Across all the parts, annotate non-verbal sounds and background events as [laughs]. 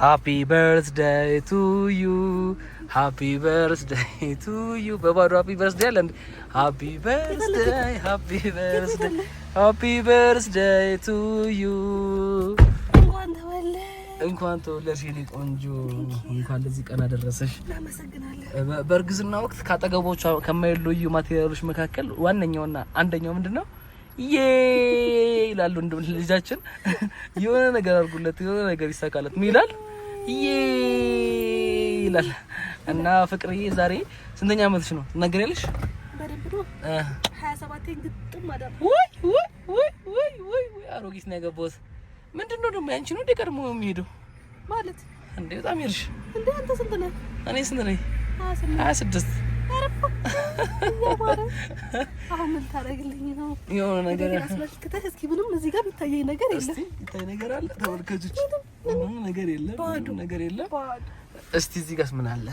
ሃፒ በርዝደይ ቱ ዩ ሃፒ በርዝደይ ቱ ዩ። በባዶ ሃፒ በርዝደይ አለ እንዴ? ሃፒ በርዝደይ ሃፒ በርዝደይ ሃፒ በርዝደይ ቱ ዩ። እንኳን ተወለድሽ የኔ ቆንጆ፣ እንኳን ለዚህ ቀን አደረሰሽ። በእርግዝና ወቅት ካጠገቦቿ ከማይለዩ ማቴሪያሎች መካከል ዋነኛውና አንደኛው ምንድን ነው? ዬ ይላሉ። እንደ ልጃችን የሆነ ነገር አድርጉለት የሆነ ነገር ይሳካለት ይላል ዬ ይላል። እና ፍቅርዬ ዛሬ ስንተኛ አመትሽ ነው? ነገር ትናገሪያለሽ? አሮጊት ነው ያገባሁት። ምንድን ነው ደግሞ ያንቺ ነው እንደ ቀድሞ የሚሄደው ማለት እንደ በጣም ይርሽ። እንደ አንተ ስንት ነህ? እኔ ስንት ነኝ? ሀያ ስድስት አሁን ምን ታደርግልኝ ነው? የሆነ ነገር አስመልክተህ እስኪ ምንም እዚህ ጋር የሚታየኝ ነገር የለም። የሚታይ ነገር አለ ተመልከቶች፣ ምንም ነገር የለም። ባዶ ነገር የለም። እስቲ እዚህ ጋርስ ምን አለ?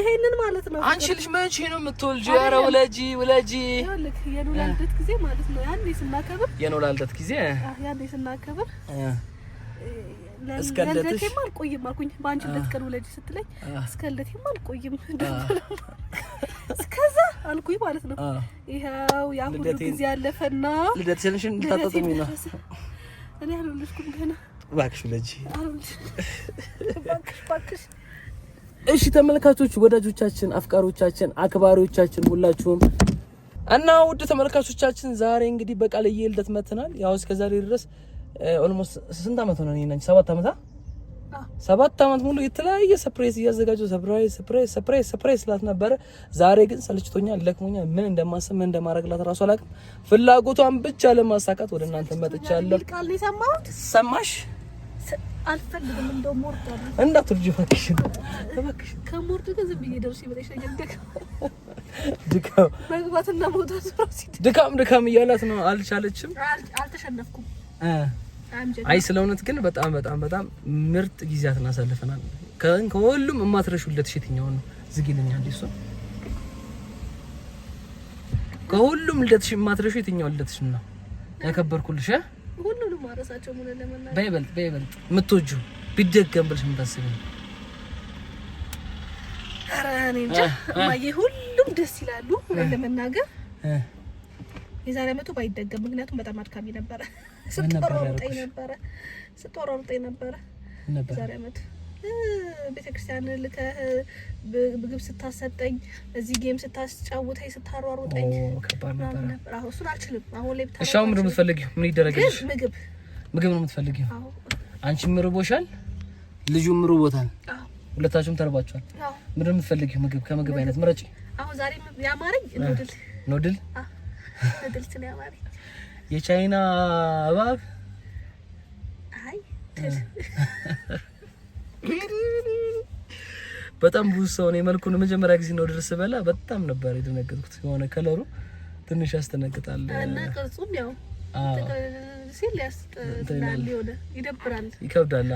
ይሄንን ማለት ነው። አንቺ ልጅ መቼ ነው የምትወልጂው? ኧረ ውለጂ ውለጂ። ይኸውልህ የኖላ ልደት ጊዜ ማለት ነው ያኔ ስናከብር፣ የኖላ ልደት ጊዜ ያኔ ስናከብር እስከ ልደቴም አልቆይም አልኩኝ። በአንቺ ልደት ቀን ውለጅ ስትለኝ እስከ ልደቴም አልቆይም እስከዛ አልኩኝ ማለት ነው። ይኸው ያ ሁሉ ጊዜ ያለፈና ልደትሽን ልታጣጥሚ ነው። እኔ አልወለድኩም ገና። እባክሽ ውለጂ፣ እባክሽ እባክሽ። እሺ ተመልካቾች፣ ወዳጆቻችን፣ አፍቃሪዎቻችን፣ አክባሪዎቻችን ሁላችሁም እና ውድ ተመልካቾቻችን ዛሬ እንግዲህ በቃልዬ ልደት መጥተናል። ያው እስከዛሬ ድረስ ኦልሞስት ስንት አመት ሆነ? እኔ ሰባት አመት ሰባት አመት ሙሉ የተለያየ ሰፕራይዝ እያዘጋጀው ሰፕራይዝ ሰፕራይዝ ሰፕራይዝ ሰፕራይዝ ስላት ነበረ። ዛሬ ግን ሰልችቶኛ ለክሞኛ ምን እንደማስብ ምን እንደማረግላት እራሱ አላውቅም። ፍላጎቷን ብቻ ለማሳካት ወደ እናንተ መጥቻለሁ። ሰማሽ? አልፈልግም እንደው ሞርድ አለ እንዳትወርጂ እባክሽ፣ እባክሽ ከሞርድ ግን ብዬ ደርሼ ብለሽ ነገር ድካም መግባትና መውጣት ድካም ድካም እያላት ነው። አልቻለችም። አልተሸነፍኩም አይ ስለ እውነት ግን በጣም በጣም በጣም ምርጥ ጊዜያት እናሳልፈናል። ከሁሉም የማትረሹለት የትኛውን ነው? ዝጊልኛ እንዲሱ ከሁሉም ልደትሽ የማትረሹ የትኛው ልደትሽ ነው? ያከበርኩልሽ ሁሉንም አረሳቸው። ምን በይበልጥ በይበልጥ ቢደገም የምታስቢ ኧረ እኔ እንጃ እማዬ፣ ሁሉም ደስ ይላሉ ለመናገር የዛሬ አመቱ ባይደገም፣ ምክንያቱም በጣም አድካሚ ነበረ። ስትወራርጠኝ ነበረ ስትወራርጠኝ ነበረ ዛሬ አመቱ ቤተ ክርስቲያን ልከህ ምግብ ስታሰጠኝ እዚህ ጌም ስታስጫውተኝ ስታሯሩጠኝ ነበር። እሱን አልችልም። አሁን ላይ ብታ እሻው ምንድን ነው የምትፈልጊው? ምን ይደረግልሽ? ምግብ ምግብ ነው የምትፈልጊው? አንቺ ምርቦሻል፣ ልጁ ምርቦታል፣ ሁለታችሁም ተርባችኋል። ምንድን ነው የምትፈልጊው? ምግብ ከምግብ አይነት ምረጪ። አሁን ዛሬ ያማረኝ ኖድል ኖድል በግልጽ ነው ያማረኝ። የቻይና እባብ በጣም ብዙ ሰው ነው መልኩን መጀመሪያ ጊዜ ነው ድረስ በላ በጣም ነበር የደነገጥኩት። የሆነ ከለሩ ትንሽ ያስተነግጣል እና ቅርጹም ያው ይከብዳል።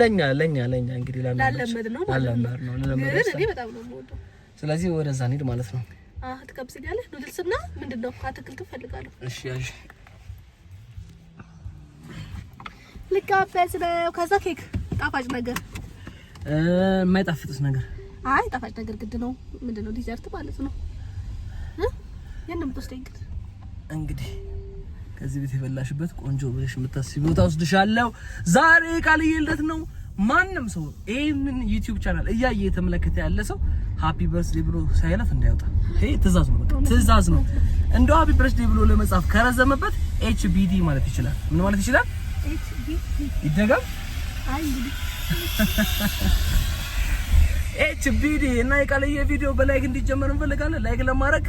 ለኛ ለኛ ለኛ እንግዲህ ላለመድ ነው ማለት ነው። ስለዚህ ወደዛ እንሂድ ማለት ነው። ትቀብስኛለህ? ኑድልስና ምንድን ነው አትክልት እፈልጋለሁ። እሺ ልጋበዝ ነው። ከዛ ኬክ፣ ጣፋጭ ነገር፣ የማይጣፍጥስ ነገር? አይ ጣፋጭ ነገር ግድ ነው። ምንድን ነው ዲዘርት ማለት ነው። ያን ምትወስደኝ እንግዲህ እንግዲህ ከዚህ ቤት የበላሽበት ቆንጆ ብለሽ የምታስቢ ቦታ ወስድሻለሁ። ዛሬ ቃልዬ ልደት ነው። ማንም ሰው ይህንን ዩቲዩብ ቻናል እያየ የተመለከተ ያለ ሰው ሃፒ በርዝዴ ብሎ ሳይለፍ እንዳይወጣ። ይሄ ትእዛዝ ነው፣ በቃ ትእዛዝ ነው። እንደው ሃፒ በርዝዴ ብሎ ለመጻፍ ከረዘመበት ኤች ቢ ዲ ማለት ይችላል። ምን ማለት ይችላል? ይደገም ኤች ቢ ዲ እና የቃለየ ቪዲዮ በላይክ እንዲጀመር እንፈልጋለን። ላይክ ለማድረግ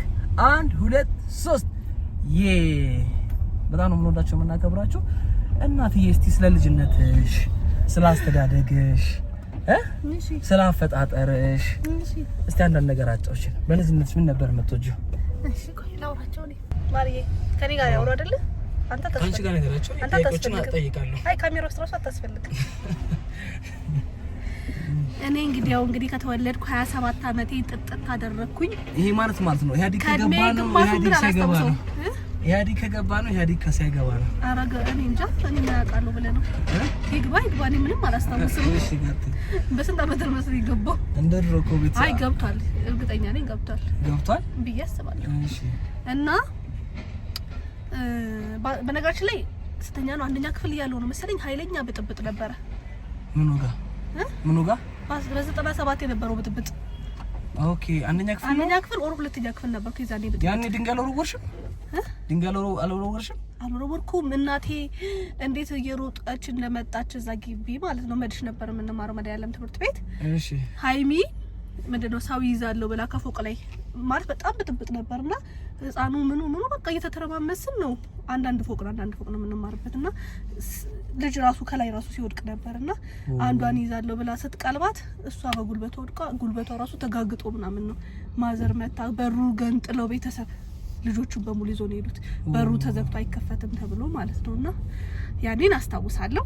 አንድ ሁለት ሶስት የ በጣም ነው የምንወዳቸው የምናከብራቸው እናትዬ፣ እስቲ ስለ ልጅነትሽ ስለ አስተዳደግሽ ስለ አፈጣጠርሽ እስቲ አንዳንድ ነገር አጫውሽን። በልጅነትሽ ምን ነበር የምትወጂው? ከኔ ጋር ያወሩ አይደለ? አንተ አታስፈልግም። አይ ካሜራ ውስጥ ራሱ አታስፈልግም። [laughs] እኔ እንግዲህ ያው እንግዲህ ከተወለድኩ 27 ዓመቴ ጥጥት አደረግኩኝ። ይሄ ማለት ማለት ነው ኢህአዴግ ከገባ ነው ኢህአዴግ ሳይገባ ነው ኢህአዲግ ከገባ ነው ኢህአዲግ ከሳይገባ ነው። አረጋ እኔ እንጃ እኔ ያውቃለሁ ብለህ ነው ይግባ ይግባ። እኔ ምንም አላስታውስም። በስንት ዓመት ነው መሰለኝ የገባው? እንደ ድሮ እኮ ቤት አይ ገብቷል፣ እርግጠኛ ነኝ ገብቷል፣ ገብቷል ብዬ አስባለሁ። እሺ እና በነገራችን ላይ ስተኛ ነው አንደኛ ክፍል እያለሁ ነው መሰለኝ ኃይለኛ ብጥብጥ ነበረ። ምኑ ጋር ምኑ ጋር? በዘጠና ሰባት የነበረው ብጥብጥ። ኦኬ አንደኛ ክፍል አንደኛ ክፍል ኦር ሁለተኛ ክፍል ነበር። ከዛ ነው ያኔ ድንጋይ ወርወርሽ ድንጋይ አልወረወርሽም? አልወረወርኩም። እናቴ እንዴት እየሮጠች እንደመጣች እዛ ግቢ ማለት ነው መድሽ ነበር የምንማረው መድኃኒዓለም ትምህርት ቤት። እሺ ሀይሚ ምንድን ነው ሰው ይዛለሁ ብላ ከፎቅ ላይ ማለት በጣም ብጥብጥ ነበርና ህፃኑ ምኑ ምኑ በቃ እየተተረማመስን ነው። አንዳንድ ፎቅ ነው አንዳንድ ፎቅ ነው የምንማርበት እና ልጅ ራሱ ከላይ ራሱ ሲወድቅ ነበርና አንዷን ይዛለሁ ብላ ስትቀልባት እሷ በጉልበቷ ወድቃ ጉልበቷ ራሱ ተጋግጦ ምናምን ነው ማዘር መታ በሩ ገንጥለው ቤተሰብ ልጆቹን በሙሉ ይዞ ነው የሄዱት። በሩ ተዘግቶ አይከፈትም ተብሎ ማለት ነው። እና ያኔን አስታውሳለሁ።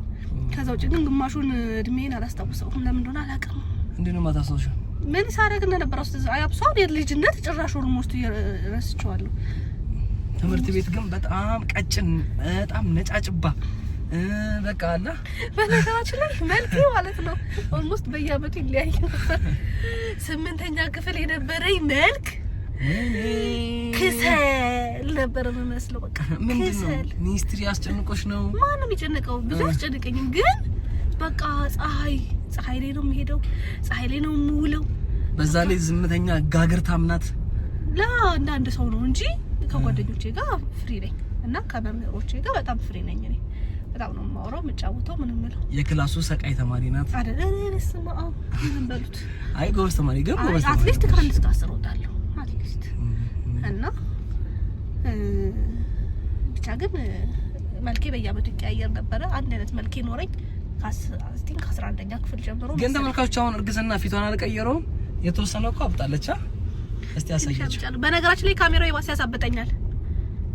ከዛ ውጭ ግን ግማሹን እድሜን አላስታውሰውም። ለምን እንደሆነ አላውቅም። እንዴት ነው ምን ሳደርግ እንደነበረ አስ አብሷን የልጅነት ጭራሽ ኦልሞስት ረስቸዋለሁ። ትምህርት ቤት ግን በጣም ቀጭን በጣም ነጫጭባ በቃ አለ። በነገራችን ላይ [laughs] መልክ ማለት ነው ኦልሞስት በየአመቱ ይለያየ ነበር። ስምንተኛ ክፍል የነበረኝ መልክ ክሰል ነበር የምመስለው። በቃ ሚኒስትሪ አስጨንቆች ነው። ማንም የጨነቀው ብዙ አስጨንቀኝም፣ ግን በቃ ፀሐይ ፀሐይ ላይ ነው የምሄደው፣ ፀሐይ ላይ ነው የምውለው። በዛ ላይ ዝምተኛ ጋግርታም ናት። ለአንዳንድ ሰው ነው እንጂ ከጓደኞቼ ጋር ፍሪ ነኝ እና ከመምህሮቼ ጋር በጣም ፍሪ ነኝ እኔ በጣም ነው የማወራው የምጫወተው ምንም የክላሱ ሰቃይ ተማሪ ናት አይደል? ስማ በሉት። አይ ጎበዝ ተማሪ ግን ጎበዝ አትሊስት ከአንድ እስከ አስር እወጣለሁ እና ብቻ ግን መልኬ በየአመቱ ይቀያየር ነበረ። አንድ አይነት መልኬ ኖረኝ ከአስቲን ከአስራ አንደኛ ክፍል ጀምሮ። ግን ተመልካቾች አሁን እርግዝና ፊቷን አልቀየረውም። የተወሰነ እኮ አብጣለች። እስቲ ያሳያቸው። በነገራችን ላይ ካሜራው የባሰ ያሳብጠኛል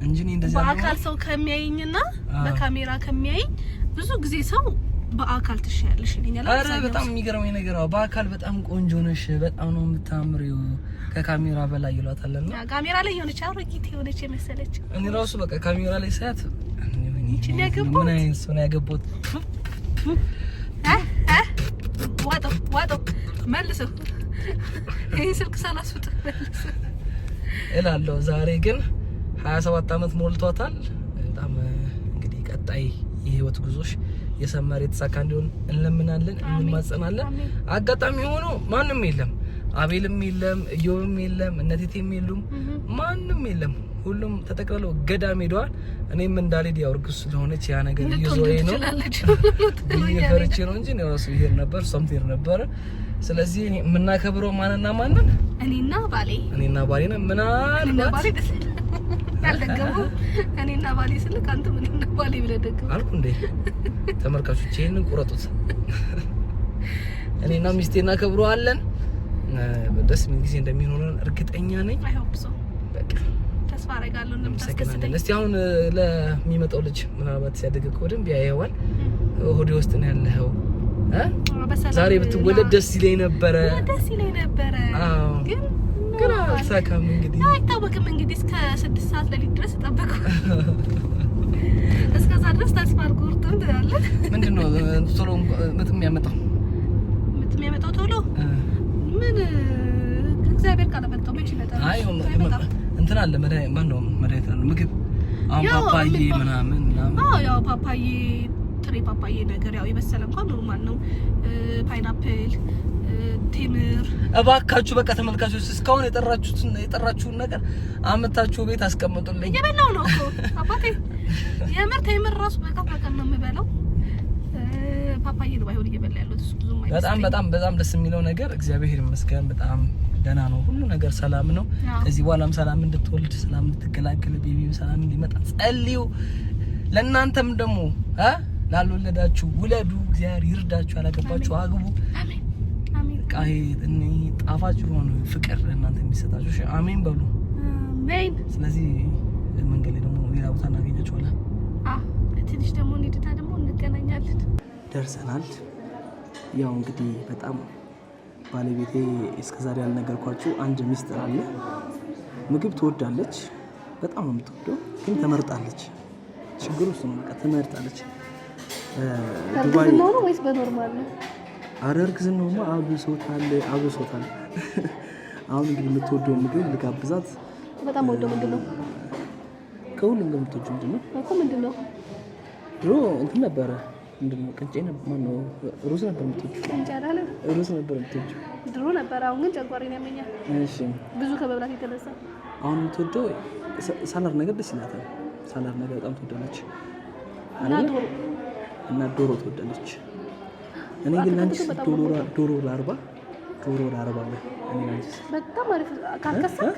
እንጂ እንደዚህ በአካል ሰው ከሚያይኝና በካሜራ ከሚያይኝ ብዙ ጊዜ ሰው በአካል ትሻያለሽ ይለኛል። ኧረ በጣም የሚገርመኝ ነገር በአካል በጣም ቆንጆ ነሽ፣ በጣም ነው የምታምሪው ከካሜራ በላይ ይሏታል እና ካሜራ ላይ የሆነች አሮጊት የሆነች የመሰለች እኔ ራሱ በቃ ካሜራ ላይ ሳያት ምን አይነት ሰው ነው ያገባሁት? ዋጠው ዋጠው መልሰው ይህ ስልክ ሳላስውጥ መልሰው እላለሁ። ዛሬ ግን ሀያ ሰባት አመት ሞልቷታል። በጣም እንግዲህ ቀጣይ የህይወት ጉዞሽ የሰመረ የተሳካ እንዲሆን እንለምናለን፣ እንማጸናለን። አጋጣሚ ሆኖ ማንም የለም አቤልም የለም፣ እዮብም የለም፣ እነቴቴም የሉም፣ ማንም የለም። ሁሉም ተጠቅልለው ገዳም ሄደዋል። እኔም እንዳልሄድ ያው እርጉዝ ስለሆነች ያ ነገር እየዞሬ ነው [laughs] ፈርቼ ነው እንጂ ራሱ ይሄድ ነበር፣ እሷም ትሄድ ነበረ። ስለዚህ የምናከብረው ማንና ማንን? እኔና ባሌ እኔና ባሌ ነው። ምናልባት [laughs] ያልደገሙ እኔና ባሌ ስልክ አንተ እኔና ባሌ ብለህ ደገሙ አልኩ እንዴ? ተመልካቾች ይሄንን ቁረጡት። [laughs] እኔና ሚስቴ እናከብረዋለን። ደስ የሚል ጊዜ እንደሚሆነን እርግጠኛ ነኝ። በቃ ተስፋ አረጋለሁ እንደምታስደስተኝ እስቲ አሁን ለሚመጣው ልጅ ምናልባት ሲያደግ እኮ ደንብ ያየዋል። ሆዴ ውስጥ ነው ያለኸው። ዛሬ ብትወለድ ደስ ይለኝ ነበረ፣ ደስ ይለኝ ነበረ። አዎ ግን ግን አልሳካም። እንግዲህ አይታወቅም። እንግዲህ እስከ ስድስት ሰዓት ለሊት ድረስ ጠበቁ። እስከዛ ድረስ ተስፋ አልቆርጥም ትላለህ። ምንድን ነው ቶሎ ምጥ የሚያመጣው ምጥ የሚያመጣው ቶሎ ምን እግዚአብሔር ካለመጣ መች ይመጣል? አይ እንትን አለ ማን ነው ምግብ አሁን ፓፓዬ ምናምን ምናምን። አዎ ያው ፓፓዬ ጥሬ ፓፓዬ ነገር ያው የበሰለ እንኳን ኖርማል ነው። ፓይናፕል፣ ቴምር። እባካችሁ በቃ ተመልካቾች እስካሁን የጠራችሁትን የጠራችሁን ነገር አመታችሁ ቤት አስቀምጡልኝ። ነው እኮ አባቴ የምር ቴምር ራሱ በቃ ነው የምበላው ፓፓዬ ነው ባይሆን እየበላ ያለሁት እሱ ብዙም በጣም በጣም በጣም ደስ የሚለው ነገር እግዚአብሔር ይመስገን በጣም ደህና ነው። ሁሉ ነገር ሰላም ነው። ከዚህ በኋላም ሰላም እንድትወልድ፣ ሰላም እንድትገላገል፣ ቤቢም ሰላም እንዲመጣ ጸልዩ። ለእናንተም ደግሞ እ ላልወለዳችሁ ውለዱ። እግዚአብሔር ይርዳችሁ። ያላገባችሁ አግቡ። ጣፋችሁ የሆነ ፍቅር ለእናንተ የሚሰጣችሁ አሜን በሉ። ስለዚህ መንገድ ላይ ደግሞ ሌላ ቦታ እናገኛችኋለን። ትንሽ ደግሞ እንሂድና ደግሞ እንገናኛለን። ደርሰናል። ያው እንግዲህ በጣም ባለቤቴ እስከዛሬ ያልነገርኳችሁ አንድ ሚስጥር አለ። ምግብ ትወዳለች፣ በጣም ነው የምትወደው፣ ግን ተመርጣለች። ችግሩ እሱ ነው። በቃ ትመርጣለች። በእርግዝናው ነው ወይስ አብሶታል፣ አብሶታል። [laughs] አሁን እንግዲህ የምትወደው ምግብ ልጋብዛት። በጣም ወደው ምንድን ነው? ከሁሉም የምትወደው ምንድን ነው? ምንድን ነው? ድሮ እንትን ነበረ ምንድን ነው ቅንጬ ማነው? ሩዝ ነበር የምትወጪው? ቅንጬ አላለም። ሩዝ ነበር የምትወጪው? ድሮ ነበር፣ አሁን ግን ጨጓራዬን ያመኛል። እሺ፣ ብዙ ከመብላት የተነሳ አሁን የምትወደው ሳላድ ነገር ደስ ይላታል። ሳላድ ነገር በጣም ትወዳለች፣ እና ዶሮ ትወዳለች። እኔ ግን ለአንቺ ዶሮ ለአርባ ዶሮ ለአርባ በጣም አሪፍ ካልከሰርክ፣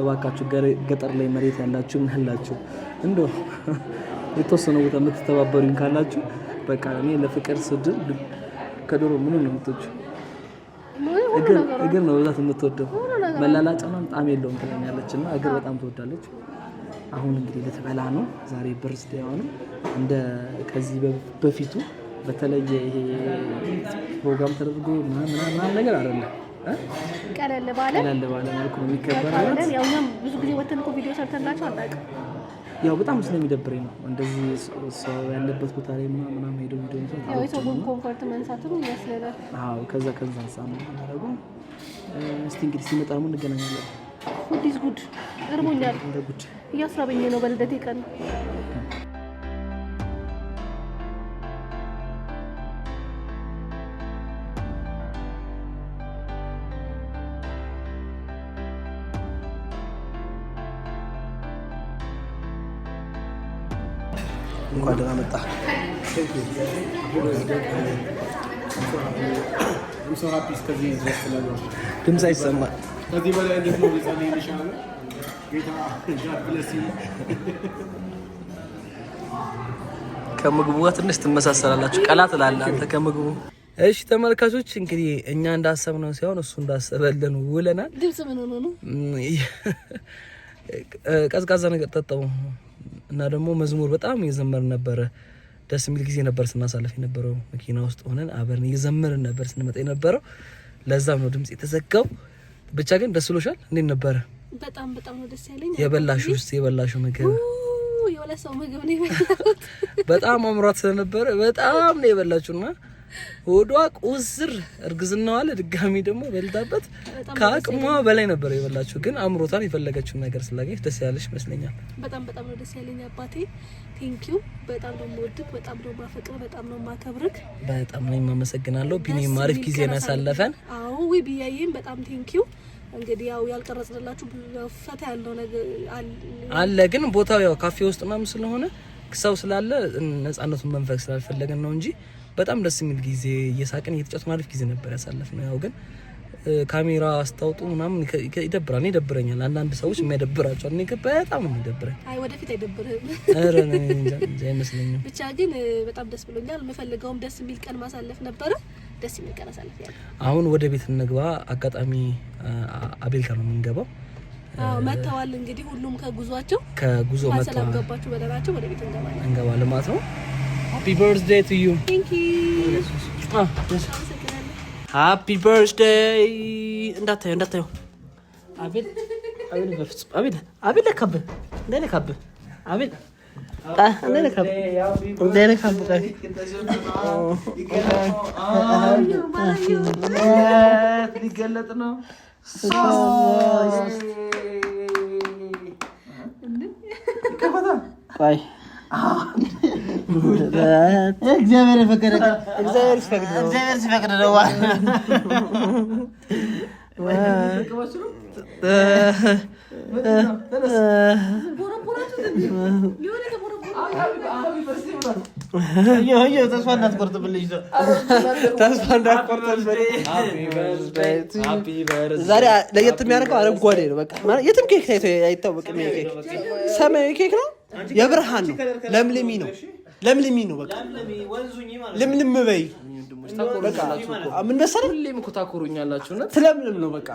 እባካችሁ ገጠር ላይ መሬት ያላችሁ ምን ያላችሁ እንደው የተወሰነ ቦታ የምትተባበሩኝ ካላችሁ በቃ እኔ ለፍቅር ስድል ከዶሮ ምኑ ነው የምትወጂው? እግር ነው በዛት የምትወደው። መላላጫ ምናምን ጣም የለውም ትለኛለች እና እግር በጣም ትወዳለች። አሁን እንግዲህ ልትበላ ነው። ዛሬ በርዝዴዋ ነው። እንደ ከዚህ በፊቱ በተለየ ይሄ ፕሮግራም ተደርጎ ምናምን ነገር አለ ቀለል ባለ መልኩ ነው የሚከበረው። ብዙ ጊዜ ወተን እኮ ቪዲዮ ሰርተንላቸው አናውቅም ያው በጣም ስለሚደብረኝ ነው እንደዚህ ሰው ያለበት ቦታ ላይ ምናምን ሄደ ሄደ ኮንፈርት መንሳትም ይመስለናል። ከዛ ከዛ ንሳ ነው ያደረጉ። እስቲ እንግዲህ ሲመጣ ደግሞ እንገናኛለን። ጉድ ጉድ እርቦኛል፣ እንደ ጉድ እያስራበኝ ነው በልደቴ ቀን ደህና መጣ። ድምፅ አይሰማል። ከዚህ በላይ እንዴት ነው ይሻለ? ጌታ ከምግቡ ጋር ትንሽ ትመሳሰላላችሁ። ቀላት ላለ አንተ ከምግቡ እሺ ተመልካቾች እንግዲህ እኛ እንዳሰብነው ሲሆን እሱ እንዳሰበልን ውለናል። ድምጽ ምን ሆኖ ነው? ቀዝቃዛ ነገር ጠጣው እና ደግሞ መዝሙር በጣም እየዘመር ነበረ። ደስ የሚል ጊዜ ነበር ስናሳልፍ የነበረው። መኪና ውስጥ ሆነን አብረን እየዘመርን ነበር ስንመጣ የነበረው። ለዛም ነው ድምጽ የተዘጋው። ብቻ ግን ደስ ብሎሻል? እንዴት ነበረ? በጣም በጣም ነው ደስ ያለኝ። የበላሹ ውስጥ የበላሹ ምግብ የሆነ ሰው ምግብ ነው የበላሁት። በጣም አምሯት ስለነበረ በጣም ነው የበላችሁና ሆዷ ቁስር እርግዝናዋ አለ ድጋሚ ደግሞ በልታበት ከአቅሟ በላይ ነበር የበላችው፣ ግን አምሮታን የፈለገችውን ነገር ስላገኘች ደስ ያለሽ ይመስለኛል። በጣም በጣም ነው ደስ ያለኝ አባቴ። ቴንኪዩ። በጣም ነው የምወድህ፣ በጣም ነው የማፈቅርህ፣ በጣም ነው የማከብርህ። በጣም ነው የማመሰግናለሁ። ቢኒም አሪፍ ጊዜ ያሳለፈን። አዎ ወይ ቢያዬም በጣም ቴንኪዩ። እንግዲህ ያው ያልቀረጽንላችሁ ፈታ ያለው ነገር አለ፣ ግን ቦታው ያው ካፌ ውስጥ ምናምን ስለሆነ ሰው ስላለ ነጻነቱን መንፈግ ስላልፈለግን ነው እንጂ በጣም ደስ የሚል ጊዜ እየሳቅን እየተጫወትን አሪፍ ጊዜ ነበር ያሳለፍነው። ያው ግን ካሜራ አስታውጡ ምናምን ይደብራል። እኔ ይደብረኛል። አንዳንድ ሰዎች የሚያደብራቸዋል። እኔ ግን በጣም ነው የሚደብረኝ። አይ ወደፊት አይደብርህም? ኧረ አይመስለኝም። ብቻ ግን በጣም ደስ ብሎኛል። የምፈልገውም ደስ የሚል ቀን ማሳለፍ ነበረ። ደስ የሚል ቀን አሳለፍ ያለ። አሁን ወደ ቤት እንግባ። አጋጣሚ አቤል ጋር ነው የምንገባው። መጥተዋል እንግዲህ ሁሉም ከጉዟቸው ከጉዞ መጥተዋል። ሰላም ገባችሁ በደራቸው ወደ ቤት እንገባለን እንገባለን ማለት ነው። ሃፒ በርዝዴይ ቱ ዩ ሃፒ በርዝዴይ። እንዳታየው እንዳታየው። አቤል አቤል፣ በፍጹም አቤል አቤል፣ ለካብህ እንዳይነካብህ አቤል ሊገለጥ ነው። እግዚአብሔር ፈቀደ እግዚአብሔር ሲፈቅድ ነው። ተስፋ እንዳትቆርጥብልኝ ተስፋ እንዳትቆርጥብልኝ። ዛሬ ለየት የሚያደርገው አረንጓዴ ነው። በቃ የትም ኬክ አይታወቅም። ሰማያዊ ኬክ ነው፣ የብርሃን ነው፣ ለምልሚ ነው። ለምልሚ ነው በቃ ልምልም በይ። ምን መሰለህ ታኮሩኛላችሁ። ትለምልም ነው በቃ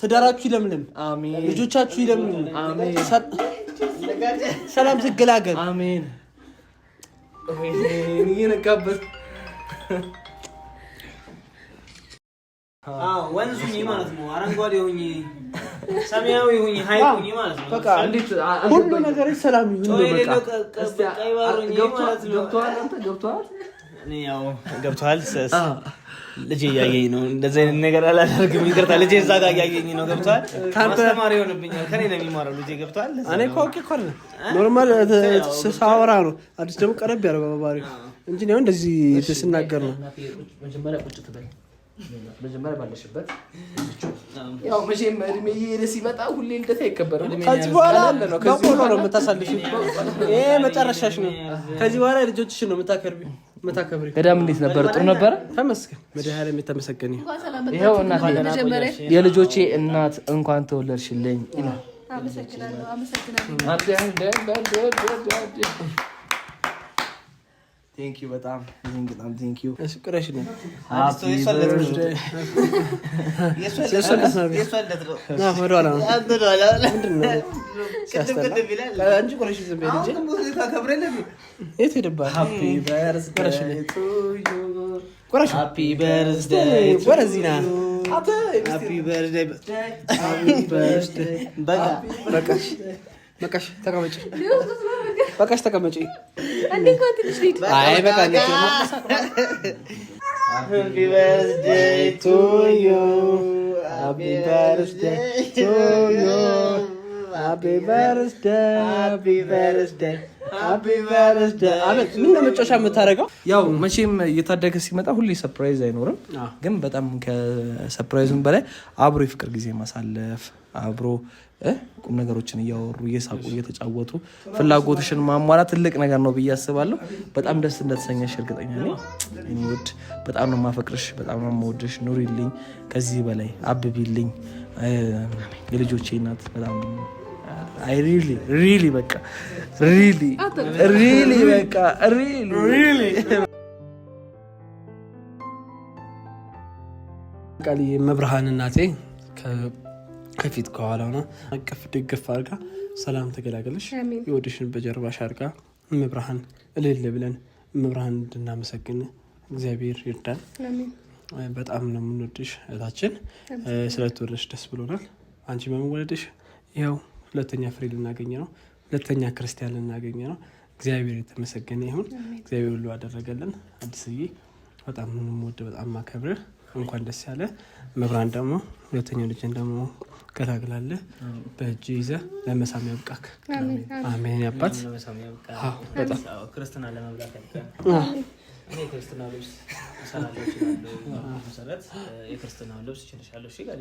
ትዳራችሁ ይለምልም፣ ልጆቻችሁ ይለምልም፣ ሰላም ዝግላገል አሜን። እየነካበት ወንዙኝ ማለት ነው አረንጓዴ ሰማያዊ ሁኝ ሀይ ሁኝ ማለት ነው። በቃ እንዴት ሁሉ ነገር ሰላም ይሁን። በቃ ገብቶሃል። ልጄ እያየኝ ነው። እንደዚህ አይነት ነገር አላደርግም። ይቅርታ ልጄ እዛ ጋር እያየኝ ነው። ገብቶሃል። አስተማሪ ይሆንብኛል። ከኔ ነው የሚማረው ልጄ። ገብቶሃል። እኔ እኮ አውቄ እኮ ኖርማል ሳወራ ነው። አዲስ ደግሞ ቀረብ ያለው በባህሪው እንጂ እንደዚህ ስናገር ነው። መጀመሪያ ባለሽበት ያው መቼም እድሜ እየሄደ ሲመጣ ሁሌ ልደት አይከበርም። ከዚህ በኋላ በቆሎ ነው የምታሳልፊው። ይሄ መጨረሻሽ ነው። ከዚህ በኋላ ልጆችሽን ነው የምታከርቢው መታከብሪ ገዳም እንዴት ነበር? ጥሩ ነበር። ተመስገን መድኃኒዓለም የተመሰገነ ይኸው። እናቴ የልጆቼ እናት እንኳን ተወለድሽልኝ። አመሰግናለሁ። ቴንክ ዩ በጣም በጣም ቴንክ ዩ። ቅረሽ ነው ወደኋላ በቃሽ ተቀመጭ፣ በቃሽ ተቀመጭ። አይ በቃ ቱ ዩ ምን ለመጫወቻ የምታደርገው? ያው መቼም እየታደገ ሲመጣ ሁሌ ሰፕራይዝ አይኖርም፣ ግን በጣም ከሰፕራይዙም በላይ አብሮ የፍቅር ጊዜ ማሳለፍ አብሮ ቁም ነገሮችን እያወሩ እየሳቁ እየተጫወቱ ፍላጎትሽን ማሟላት ትልቅ ነገር ነው ብዬ አስባለሁ። በጣም ደስ እንደተሰኘሽ እርግጠኛ ነኝ። ውድ በጣም ነው ማፈቅርሽ፣ በጣም ነው መወድሽ። ኑሪልኝ፣ ከዚህ በላይ አብቢልኝ። የልጆቼ እናት በጣም አይ ሪሊ ሪሊ በቃ ሪሊ ሪሊ በቃ ሪሊ ሪሊ ቃልዬ መብርሃን እናቴ ከፊት ከኋላ ሆና አቀፍ ድግፍ አርጋ ሰላም ተገላገለሽ የወደሽን በጀርባሽ አድርጋ መብርሃን እልል ብለን መብርሃን እንድናመሰግን እግዚአብሔር ይርዳል። በጣም ነው የምንወድሽ እህታችን። ስለትወደሽ ደስ ብሎናል። አንቺ በመወለድሽ ይኸው ሁለተኛ ፍሬ ልናገኝ ነው። ሁለተኛ ክርስቲያን ልናገኝ ነው። እግዚአብሔር የተመሰገነ ይሁን። እግዚአብሔር ሁሉ አደረገልን። አዲስዬ በጣም ምንወድ በጣም ማከብርህ እንኳን ደስ ያለ። መብራን ደግሞ ሁለተኛ ልጅን ደግሞ ገላግላለ በእጅ ይዘ ለመሳም ያብቃክ። አሜን። ያባት ክርስትና ለመብላት እኔ የክርስትና ልብስ ሰራለሁ መሰረት የክርስትና ልብስ ይችልሻለሁ። እሺ ጋር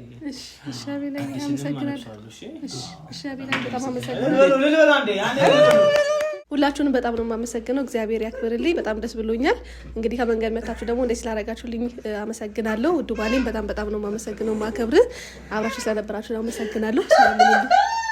ሁላችሁንም በጣም ነው የማመሰግነው። እግዚአብሔር ያክብርልኝ። በጣም ደስ ብሎኛል። እንግዲህ ከመንገድ መታችሁ ደግሞ እንደ ስላደረጋችሁልኝ አመሰግናለሁ። ውዱ ባሌም በጣም በጣም ነው የማመሰግነው። ማከብር አብራችሁ ስለነበራችሁ አመሰግናለሁ።